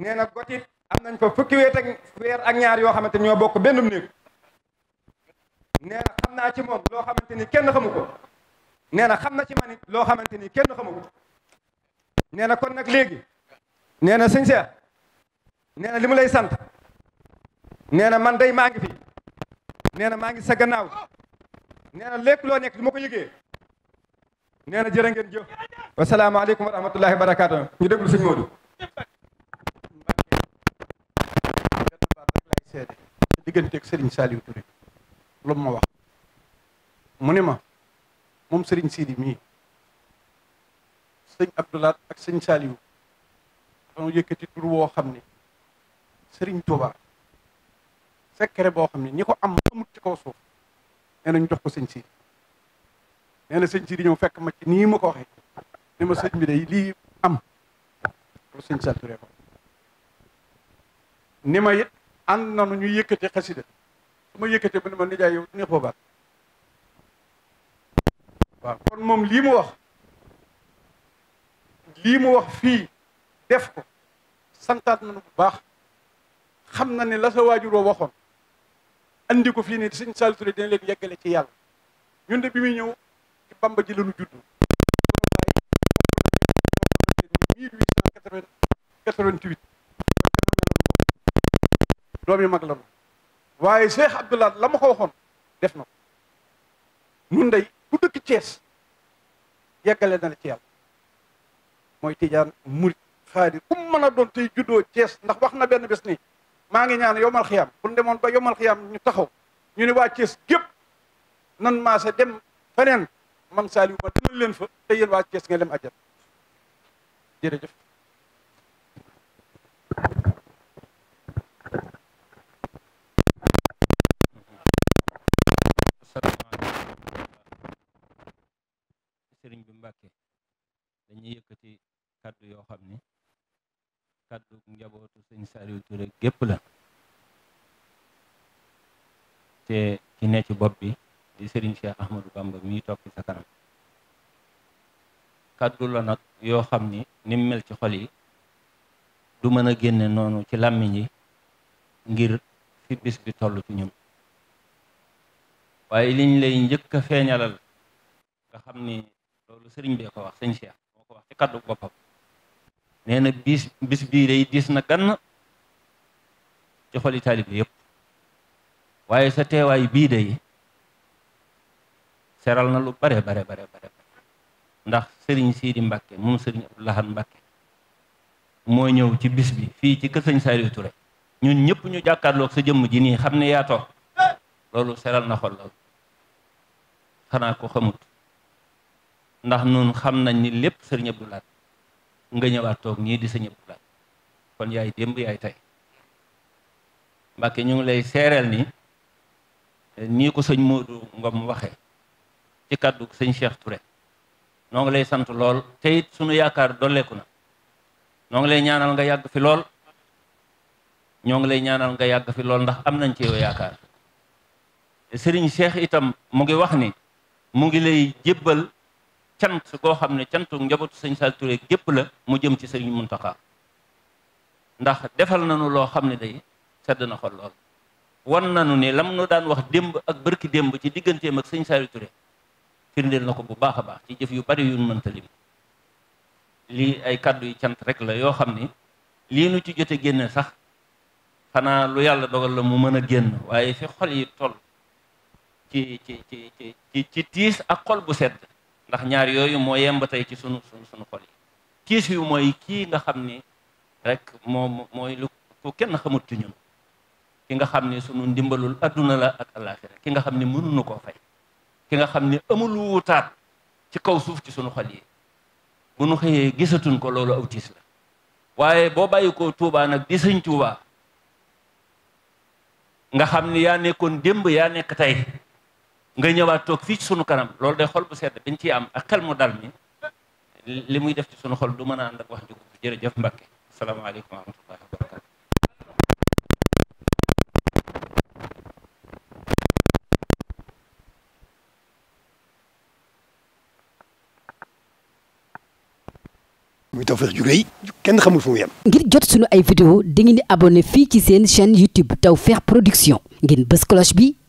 nee na gotit am nañ ko fukki weet ak weer ak ñaar yoo xamante ni ñoo bokk benn néeg nee na xam naa ci moom loo xamante ni kenn xamu nee na xam na ci manit loo xamante ni kenn xamu ko nee na kon nag léegi nee na sëñ Seex nee na li lay sant nee na man day maa ngi fi nee na maa ngi sa gannaaw nee na lépp loo nekk du ma ko yëgee nee na jërë ngeen jëf wasalaamaaleykum wa rahmatullahi wa ñu déglu sëñ Moodu seede digganteeg Serigne Saliou Touré lu mu ma wax mu ne ma moom sëriñ Sidi mii sëñ Abdoulaat ak sëñ Saliou dañoo yëkkati tur woo xam ne sëriñ Touba secret boo xam ne ñi ko am amut ci kaw suuf nee nañ jox ko sëñ Sidi nee na sëñ Sidi ñëw fekk ma ci nii ma ko waxee ni ma sëñ bi day lii am loolu sëñ Saliou Touré ko ni ma it ànd na nu ñu yëkkati xasida su ma yëkkatee mu ne ma nijaay yow neexoo baat waaw kon moom lii mu wax lii mu wax fii def ko santaat nañu bu baax xam na ne la sa waajuroo waxoon andi ko fii nii sëñ Saliou Touré dina leen yeggale ci yàlla ñun de bi muy ñëw ci Bamba ji lañu judd 1888 doom yi mag la nu waaye Cheikh Abdoulaye la ma ko waxoon def na ko ñun day dëkk cees yeggale na la ci mooy tijaan murit xaadir ku mën a doon tey juddoo Thiès ndax wax na benn bés nii maa ngi ñaan yomal xiyaam bu ñu demoon ba yomal xiyaam ñu taxaw ñu ne waa Thiès gépp nan maase dem feneen man Saliou ma demal leen fa te yéen waa Thiès nga dem àjjana jërëjëf kàddu njabootu sëñ Saliou Touré gépp la te ki ne ci bopp bi di sëriñ Cheikh Ahmadou Bamba mi topp sa kanam kàddu la nag yoo xam ni nim mel ci xol yi du mën a génne noonu ci làmmiñ yi ngir fi bis bi toll ci ñun waaye liñ lay njëkk a feeñalal nga xam ni loolu sëriñ bee ko wax sëñ Cheikh moo ko wax ci kàddu boppam nee na bis bis bii day diis na gann ci xoli taalibe yëpp waaye sa teewaay bii day seral na lu bare bare bare ndax sëriñ Sidi Mbàkke moom sëriñ Abdou Lahad moo ñëw ci bis bi fii ci kër sëñ Saliou ñun ñëpp ñu jàkkaarloog sa jëmm ji nii xam ne yaa loolu seral na xol lool xanaa ko xamut ndax nun xam nañ ni lépp sëriñ Abdou Lahad nga ñëwaat toog ñii di sa ñëpp laaj kon yaay démb yaay tey Mbàkke ñu ngi lay seereel ni nii ko sëñ Modou Ngom waxe ci kàddu sëñ Cheikh ture ñoo ngi lay sant lool te it sunu yaakaar dolleeku na noo ngi lay ñaanal nga yàgg fi lool ñoo ngi lay ñaanal nga yàgg fi lool ndax am nañ ci yow yaakaar sëriñ Cheikh itam mu ngi wax ni mu ngi lay jébbal cant goo xam ne cantu njabootu sëñ Saliou Touré gépp la mu jëm ci sëñ Mountakha ndax defal nañu loo xam ne day sedd na xol lool wan nañu ni lam nu daan wax démb ak bërki démb ci digganteem ak sëñ Saliou Touré firndeel na ko bu baax a baax ci jëf yu bari yu mënta lim lii ay kàddu yu cant rek la yoo xam ni lii nu ci jote génne sax xanaa lu yàlla dogal la mu mën a génn waaye fi xol yi toll ci ci ci ci ci tiis ak xol bu sedd ndax ñaar yooyu moo yemb tey ci sunu sunu sunu xol yi kiis yu mooy kii nga xam ni rek moom mooy lu kenn xamut ci ñun ki nga xam ni sunu ndimbalul adduna la ak àllaaxira ki nga xam ni mënuñu koo fay ki nga xam ni amul wutaat ci kaw suuf ci sunu xol yi bu nu xëyee gisatuñ ko loolu aw tiis la waaye boo bàyyi ko tuubaa nag di sëñ tuubaa nga xam ni yaa nekkoon démb yaa nekk tey ngay ñëwaat toog fii ci sunu kanam loolu day xol bu sedd dañ am ak xel li muy def ci sunu xol du mën a wax ju jërëjëf Mbacke salaamaaleykum wa rahmatullahi kenn xamul fu mu yem ngir jot sunu ay vidéo dangeen di abonné fii ci seen chaîne YouTube Tawfekh Production ngeen bës cloche bi